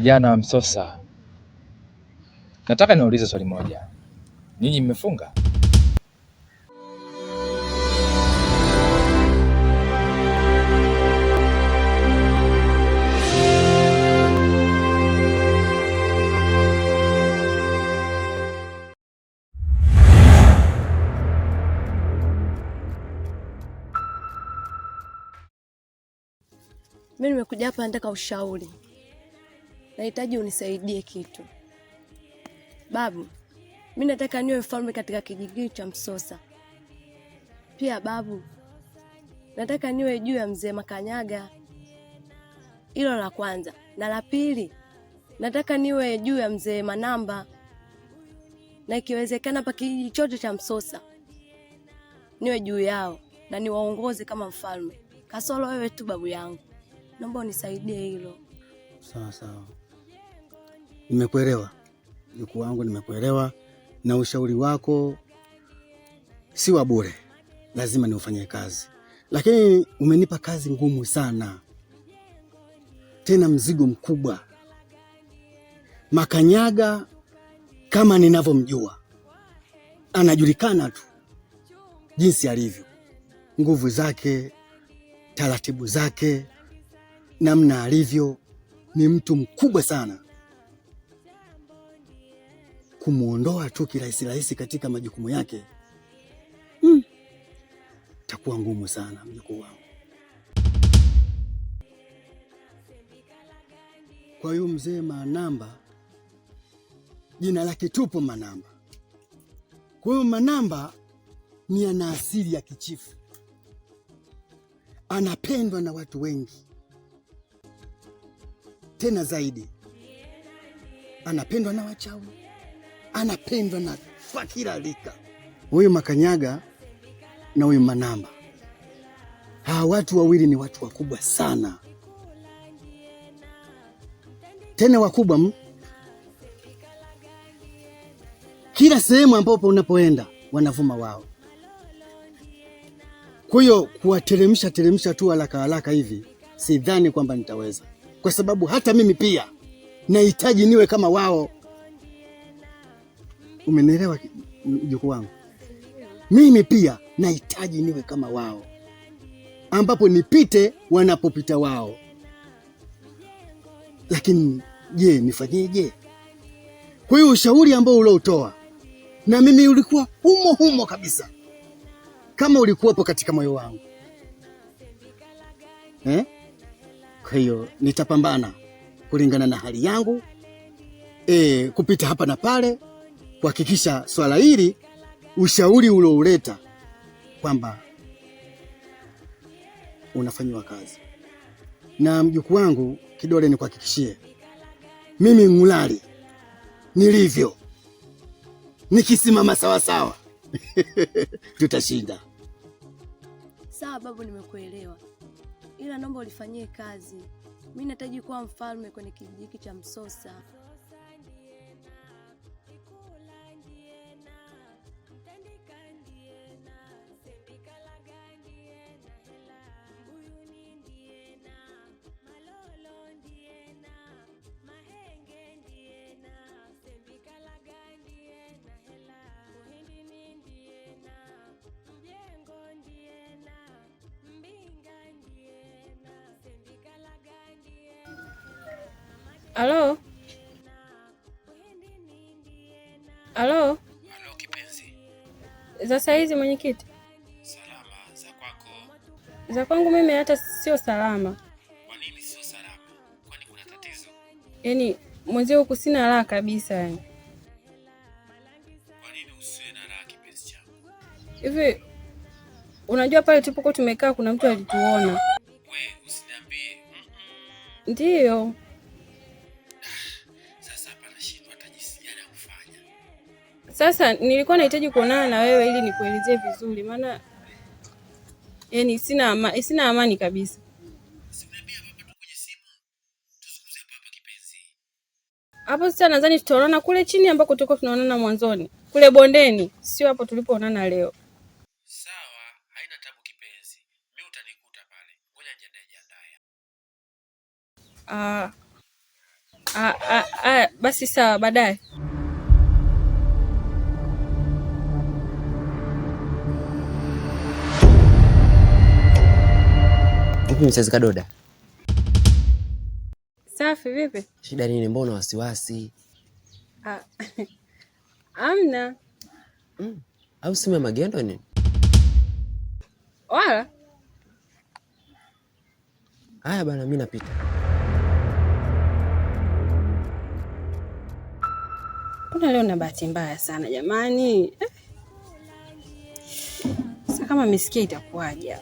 Vijana wa Msosa, nataka niulize swali moja, ninyi mmefunga? Mimi nimekuja hapa nataka ushauri nahitaji unisaidie kitu. Babu, mi nataka niwe mfalme katika kijiji cha Msosa. Pia babu, nataka niwe juu ya mzee Makanyaga. Hilo la kwanza, na la pili nataka niwe juu ya mzee Manamba, na ikiwezekana pa kijiji chote cha Msosa niwe juu yao na niwaongoze kama mfalme. Kasoro wewe tu babu yangu, naomba unisaidie hilo. Sawa sawa. Nimekuelewa jukuu wangu, nimekuelewa na ushauri wako si wa bure, lazima niufanye kazi, lakini umenipa kazi ngumu sana, tena mzigo mkubwa. Makanyaga kama ninavyomjua, anajulikana tu jinsi alivyo, nguvu zake, taratibu zake, namna alivyo, ni mtu mkubwa sana kumwondoa tu kirahisi rahisi katika majukumu yake hmm, takuwa ngumu sana mjukuu wangu. Kwa hiyo mzee Manamba jina lake tupo Manamba. Kwa hiyo Manamba ni ana asili ya kichifu, anapendwa na watu wengi, tena zaidi anapendwa na wachawi anapendwa na kwa kila lika. Huyu Makanyaga na huyu Manamba, hawa watu wawili ni watu wakubwa sana, tena wakubwa kila sehemu ambapo unapoenda wanavuma wao. Kwa hiyo kuwateremsha teremsha tu haraka haraka hivi, sidhani kwamba nitaweza, kwa sababu hata mimi pia nahitaji niwe kama wao. Umenielewa mjukuu wangu? Mimi pia nahitaji niwe kama wao, ambapo nipite wanapopita wao. Lakini je, nifanyeje? Kwa hiyo ushauri ambao uliotoa na mimi ulikuwa humo humo kabisa, kama ulikuwepo katika moyo wangu eh? Kwa hiyo nitapambana kulingana na hali yangu eh, kupita hapa na pale kuhakikisha swala hili, ushauri uliouleta kwamba unafanyiwa kazi. Na mjukuu wangu, kidole nikuhakikishie, mimi ng'ulali nilivyo, nikisimama sawasawa tutashinda. Sawa babu, nimekuelewa, ila naomba ulifanyie kazi. Mimi nahitaji kuwa mfalme kwenye kijiji cha Msosa. Halo? Halo? Halo kipenzi. Za saa hizi mwenyekiti? Salama, za kwako? Za kwangu mimi hata sio salama. Kwa nini sio salama? Kwani kuna tatizo? Yaani mwenzio huku sina raha kabisa yani. Kwa nini usiwe na raha kipenzi changu? Hivi unajua pale tulipokuwa tumekaa kuna mtu alituona. Wewe usiniambie. Mm -mm. Ndiyo. Sasa nilikuwa nahitaji kuonana na wewe ili nikuelezee vizuri, maana yani sina ama, sina amani kabisa. Hapo sasa nadhani tutaonana kule chini ambako tuko tunaonana mwanzoni, kule bondeni, sio hapo tulipoonana leo. Sawa, haina tabu kipenzi. Mimi utanikuta pale. Ngoja nijiandae jiandae. Ah, ah, ah, ah, basi sawa, baadaye. Vipi mzazi Kadoda? Safi. Vipi, shida nini? Mbona wasiwasi? Ah, amna. Mm, au simu ya magendo ni? Wala haya bana, mimi napita. Kuna leo na bahati mbaya sana jamani, eh. sasa kama misikia itakuwaje?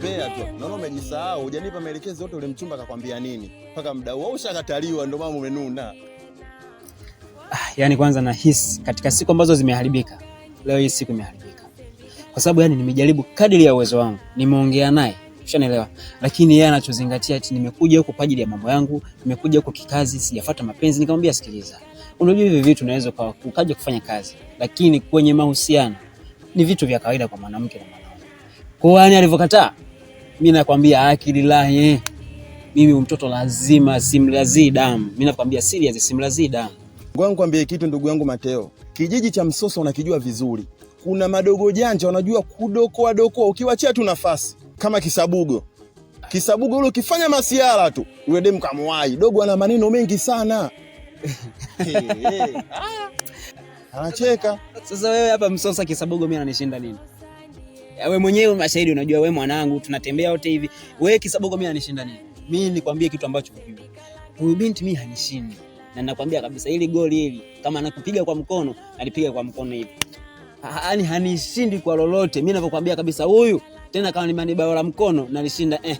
unatembea tu. Naona umejisahau, hujanipa maelekezo yote, ule mchumba akakwambia nini? Mpaka muda au ushakataliwa ndio maana umenuna. Ah, yani kwanza nahisi katika siku ambazo zimeharibika, leo hii siku imeharibika. Kwa sababu yani nimejaribu kadiri ya uwezo wangu, nimeongea naye Ushanielewa, lakini yeye anachozingatia eti nimekuja huko kwa ajili ya mambo yangu, nimekuja huko kikazi, sijafuata mapenzi. Nikamwambia sikiliza, unajua hivi vitu naweza kwa kukaja kufanya kazi, lakini kwenye mahusiano ni vitu vya kawaida kwa mwanamke na mwanaume. Kwa hiyo yani alivyokataa mi nakwambia akili lahi, mimi mtoto lazima simlazii damu. Mi nakwambia serious, simlazii damu. Ngoja nikwambie kitu ndugu yangu Mateo, kijiji cha Msoso unakijua vizuri. Kuna madogo janja wanajua kudokoa dokoa, ukiwachia tu nafasi kama kisabugo kisabugo ule ukifanya masiara tu yule demu kamwai dogo, ana maneno mengi sana anacheka. Sasa wewe hapa Msosa, kisabugo mimi ananishinda nini? wewe mwenyewe mashahidi, unajua wewe mwanangu, tunatembea wote hivi, wewe Kisaboko, mimi anishinda nini? Mimi nikwambie kitu ambacho kujua, huyu binti mimi hanishindi, na nakwambia kabisa, ili goli hili kama anakupiga kwa mkono, alipiga kwa mkono hivi, yani hanishindi kwa lolote. Mimi navyokwambia kabisa, huyu tena kama nimani bao la mkono nalishinda, eh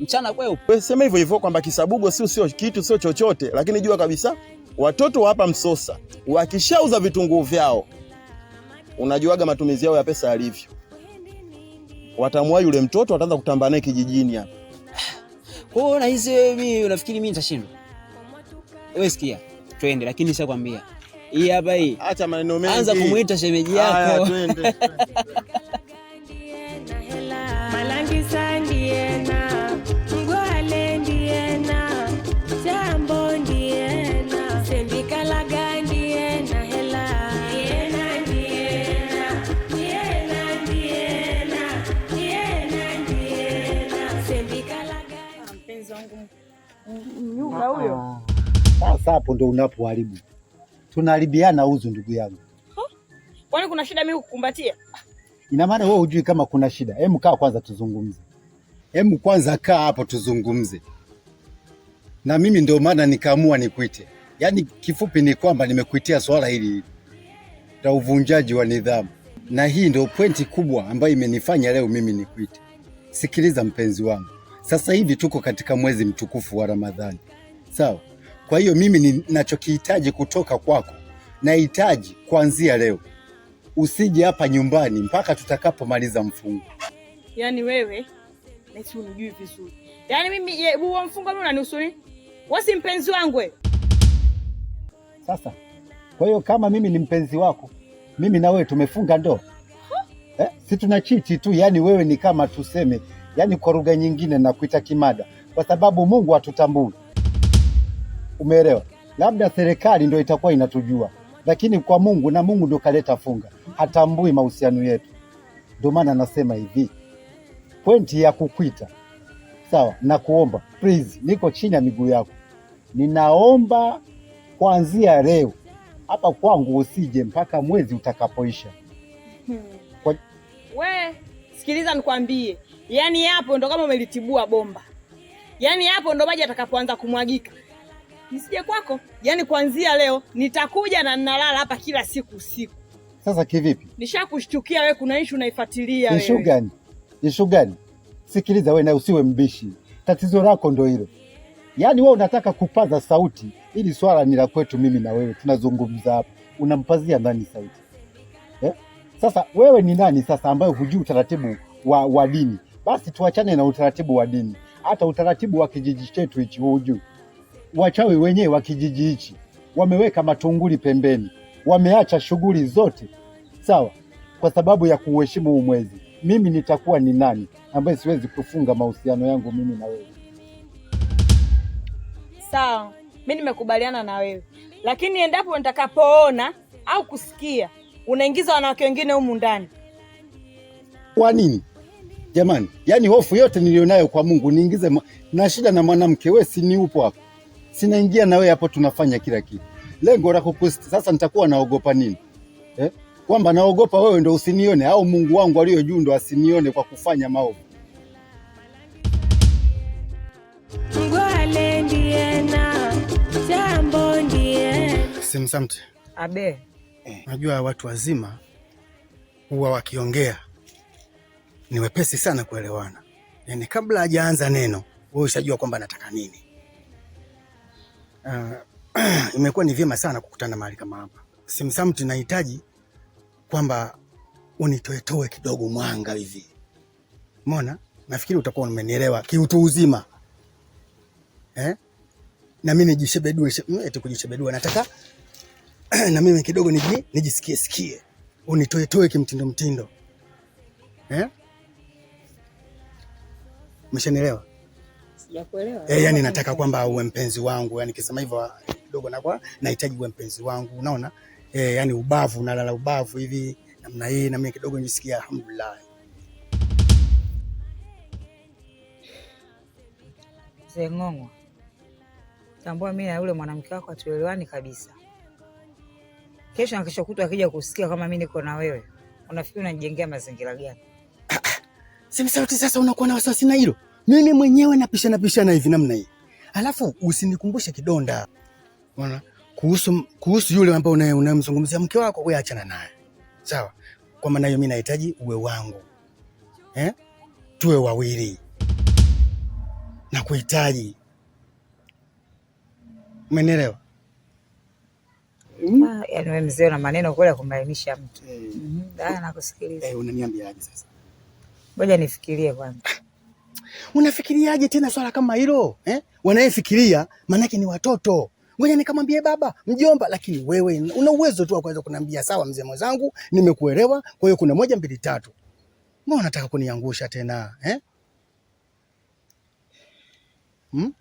mchana kweo. Wewe sema hivyo hivyo kwamba Kisabugo sio sio kitu sio chochote, lakini jua kabisa watoto wa hapa Msosa wakishauza vitunguu vyao, unajuaga matumizi yao ya pesa yalivyo watamua yule mtoto, ataanza kutamba naye kijijini hapa. Kwa hiyo hizi wewe, mimi unafikiri mimi nitashindwa? Wewe sikia, twende, lakini kwambia. hii hapa hii. Acha maneno mengi, anza kumuita shemeji yako. Haya, twende. wangu mnyuga ah, huyo. Sasa hapo ndo unapoharibu, tunaharibiana uzu, ndugu yangu. Kwani kuna shida mimi kukumbatia? Ina maana wewe hujui kama kuna shida? Hebu kaa kwanza tuzungumze, hebu kwanza kaa hapo tuzungumze. Na mimi ndio maana nikaamua nikuite, yaani kifupi ni kwamba nimekuitia swala hili la uvunjaji wa nidhamu, na hii ndio pointi kubwa ambayo imenifanya leo mimi nikuite. Sikiliza mpenzi wangu sasa hivi tuko katika mwezi mtukufu wa Ramadhani, sawa? Kwa hiyo mimi ninachokihitaji kutoka kwako, nahitaji kuanzia leo usije hapa nyumbani mpaka tutakapomaliza mfungo. Yaani wewe nasi unijui vizuri, yaani mimi huo mfungo mimi unanihusu nini? Wasi mpenzi wangu wewe. Sasa kwa hiyo kama mimi ni mpenzi wako, mimi na wewe tumefunga ndoa eh? si tuna tu, yaani wewe ni kama tuseme yaani kwa lugha nyingine na kuita kimada, kwa sababu Mungu hatutambui. Umeelewa? Labda serikali ndio itakuwa inatujua, lakini kwa Mungu, na Mungu ndio kaleta funga, hatambui mahusiano yetu. Ndio maana anasema hivi, pointi ya kukwita sawa na kuomba, please, niko chini ya miguu yako, ninaomba kuanzia leo hapa kwangu usije mpaka mwezi utakapoisha. Hmm. Kwa... we sikiliza, nikwambie Yaani hapo ndo kama umelitibua bomba, yaani hapo ndo maji atakapoanza kumwagika. Nisije kwako, yaani kuanzia leo nitakuja na ninalala hapa kila siku usiku. Sasa kivipi? Nishakushtukia wewe, kuna issue unaifuatilia wewe. Issue gani? Issue gani? Sikiliza wewe na usiwe mbishi, tatizo lako ndo hilo. Yaani wewe unataka kupaza sauti, ili swala ni la kwetu mimi na wewe, tunazungumza hapa, unampazia nani sauti eh? Sasa wewe ni nani sasa ambayo hujui utaratibu wa, wa dini basi tuachane na utaratibu wa dini, hata utaratibu wa kijiji chetu hichi huju, Wachawi wenyewe wa kijiji hichi wameweka matunguli pembeni, wameacha shughuli zote sawa, kwa sababu ya kuuheshimu huu mwezi. Mimi nitakuwa ni nani ambaye siwezi kufunga mahusiano yangu mimi na wewe? Sawa, mi nimekubaliana na wewe, lakini endapo nitakapoona au kusikia unaingiza wanawake wengine humu ndani, kwa nini Jamani, yani hofu yote nayo kwa Mungu niingize ma... na shida na mwanamke wewe, si ni upo hapo, sinaingia na wewe hapo, tunafanya kila kitu, lengo la kukusita. Sasa nitakuwa naogopa nini eh? Kwamba naogopa wewe ndo usinione au Mungu wangu aliyo juu ndo asinione kwa kufanya maovu? Simsamte abe, eh. najua watu wazima huwa wakiongea ni wepesi sana kuelewana, yaani kabla hajaanza neno wewe ushajua kwamba anataka nini. Uh, imekuwa ni vyema sana kukutana mahali kama hapa. Simsamu tunahitaji kwamba unitoetoe kidogo mwanga hivi, Umeona? nafikiri utakuwa umenielewa kiutu uzima eh? na mimi nijishebedue, eti kujishebedua, nataka na mimi kidogo niji, nijisikie sikie, unitoetoe kimtindo mtindo eh? Umeshanielewa? Sijakuelewa. Eh, yani nataka kwamba uwe mpenzi wangu, yani kisema hivyo ah, kidogo na kwa nahitaji uwe mpenzi wangu, unaona? Eh, yani ubavu nalala ubavu hivi namna hii na mimi kidogo nijisikia alhamdulillah. Mzee tambua mimi na yule mwanamke wako hatuelewani kabisa. Kesho na kesho kutwa akija kusikia kama mimi niko na wewe, unafikiri unajengea mazingira gani? Simsauti, sasa unakuwa na wasiwasi na hilo? Mimi mwenyewe napishana pishana hivi namna hii, alafu usinikumbushe kidonda. Unaona, kuhusu kuhusu yule ambaye unaye unamzungumzia mke wako, wewe achana naye sawa. Kwa maana hiyo mimi nahitaji uwe wangu eh, tuwe wawili na kuhitaji, umenielewa? Hmm? Ah, mzee na maneno kule kumbainisha mtu, eh. Mm-hmm. Eh, unaniambiaje sasa? Ngoja nifikirie kwanza. Unafikiriaje tena swala kama hilo eh? Wanayefikiria maanake ni watoto. Ngoja nikamwambie baba mjomba, lakini wewe una uwezo tu wa kuweza kuniambia sawa, mzee mwenzangu, nimekuelewa. Kwa hiyo kuna moja mbili tatu, mbona unataka kuniangusha tena eh? hmm?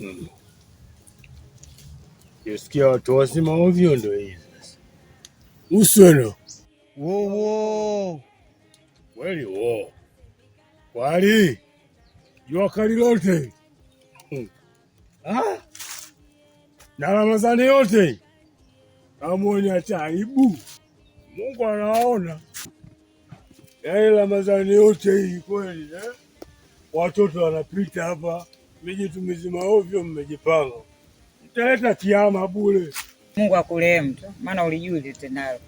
Hmm. watu wazima ovyo ndio hivi usweno wowo kweli wo kwali jua kali lote hmm. Ah? na Ramadhani yote amwoni taibu aibu Mungu anaona yaani Ramadhani yote hii kweli eh? watoto wanapita hapa mijitu tumizima ovyo, mmejipanga mtaleta kiama bure. Mungu akurehemu tu, maana ulijui litendalo.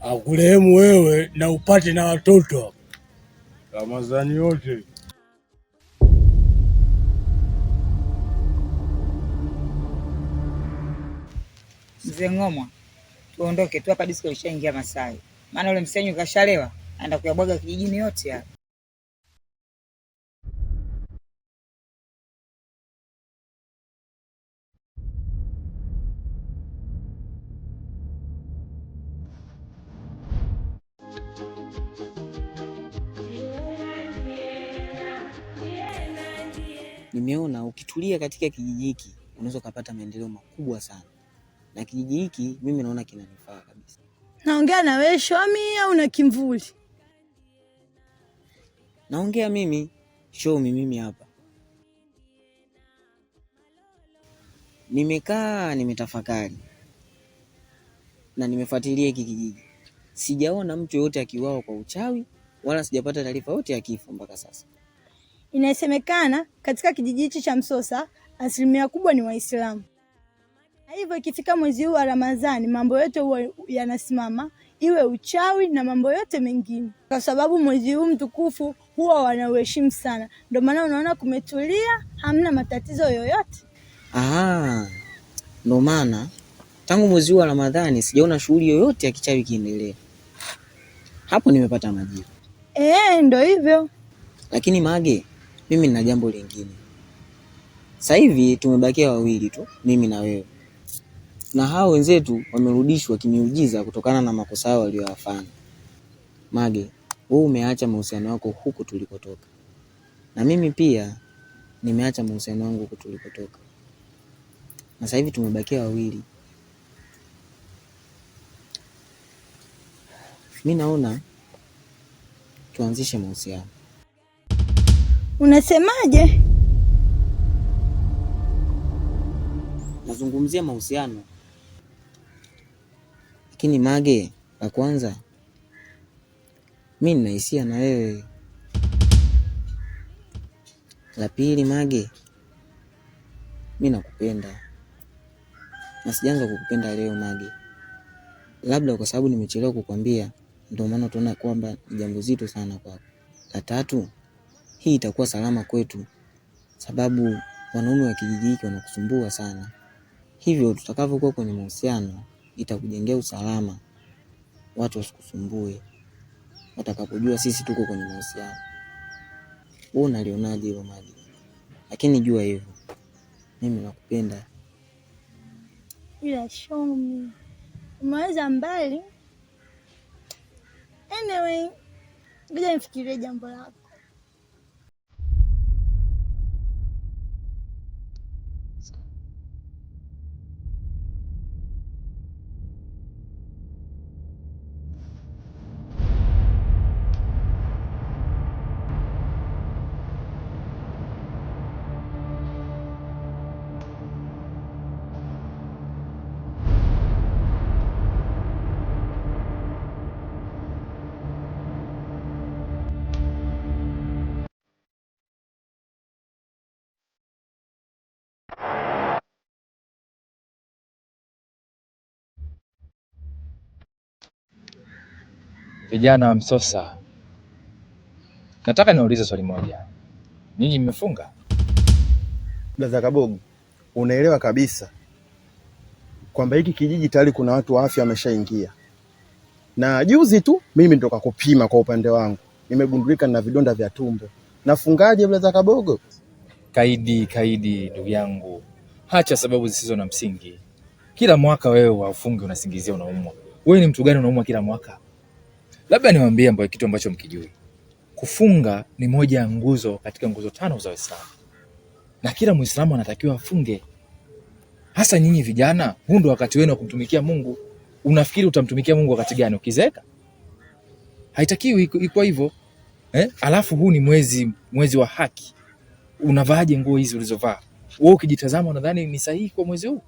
Akurehemu wewe na upate na watoto Ramadhani yote. Mzee Ng'omwa, tuondoke tu hapa, disko lishaingia Masai, maana ule msenyu kashalewa, aenda kuyabwaga kijijini yote hapa. nimeona ukitulia katika kijiji hiki unaweza ukapata maendeleo makubwa sana, na kijiji hiki mimi naona kinanifaa kabisa. Naongea na wewe Shomi au na Kimvuli? Naongea mimi Shomi. Mimi hapa nimekaa nimetafakari na nimefuatilia hiki kijiji, sijaona mtu yoyote akiuawa kwa uchawi wala sijapata taarifa yote ya kifo mpaka sasa. Inasemekana katika kijiji hichi cha Msosa asilimia kubwa ni Waislamu, na hivyo ikifika mwezi huu wa Ramadhani mambo yote huwa yanasimama, iwe uchawi na mambo yote mengine, kwa sababu mwezi huu mtukufu huwa wanauheshimu sana. Ndio maana unaona kumetulia, hamna matatizo yoyote. Ah, ndio maana tangu mwezi huu wa Ramadhani sijaona shughuli yoyote ya kichawi kiendelee. Hapo nimepata majibu. Eh, ndio hivyo. Lakini Mage, mimi nina jambo lingine. Sasa hivi tumebakia wawili tu, mimi na wewe, na hao wenzetu wamerudishwa kimiujiza kutokana na makosa yao waliyoyafanya. Mage, wewe umeacha mahusiano yako huku tulikotoka, na mimi pia nimeacha mahusiano yangu huku tulikotoka, na sasa hivi tumebakia wawili. Mi naona tuanzishe mahusiano. Unasemaje? Nazungumzia mahusiano, lakini Mage, la kwanza mi nahisia na wewe. La pili, Mage, mi nakupenda na sijaanza kukupenda leo Mage, labda kwa sababu nimechelewa kukwambia, ndio maana tunaona kwamba ni jambo zito sana kwako. La tatu hii itakuwa salama kwetu, sababu wanaume wa kijiji hiki wanakusumbua sana. Hivyo tutakavyokuwa kwenye mahusiano, itakujengea usalama, watu wasikusumbue watakapojua sisi tuko kwenye mahusiano. Wewe unalionaje hilo maji? Lakini jua hivyo, mimi nakupenda. Ila shomi umeweza mbali. Anyway, ngoja nifikirie jambo lako. Vijana wa Msosa, nataka niwaulize swali moja, ninyi mmefunga? Brother Kabogo, unaelewa kabisa kwamba hiki kijiji tayari kuna watu wa afya wameshaingia, na juzi tu mimi nitoka kupima kwa upande wangu nimegundulika na vidonda vya tumbo. Nafungaje brother Kabogo? Kaidi, kaidi ndugu yangu, hacha sababu zisizo na msingi. Kila mwaka wewe waufungi, unasingizia unaumwa. Wewe ni mtu gani unaumwa kila mwaka? Labda niwaambie ambayo kitu ambacho mkijui, kufunga ni moja ya nguzo katika nguzo tano za Uislamu, na kila Muislamu anatakiwa afunge. Hasa nyinyi vijana, huu ndo wakati wenu wa kumtumikia Mungu. Unafikiri utamtumikia Mungu wakati gani? Ukizeeka? Haitakiwi iko hivyo eh? Alafu huu ni mwezi, mwezi wa haki. Unavaaje nguo hizi ulizovaa wewe? Ukijitazama unadhani ni sahihi kwa mwezi huu?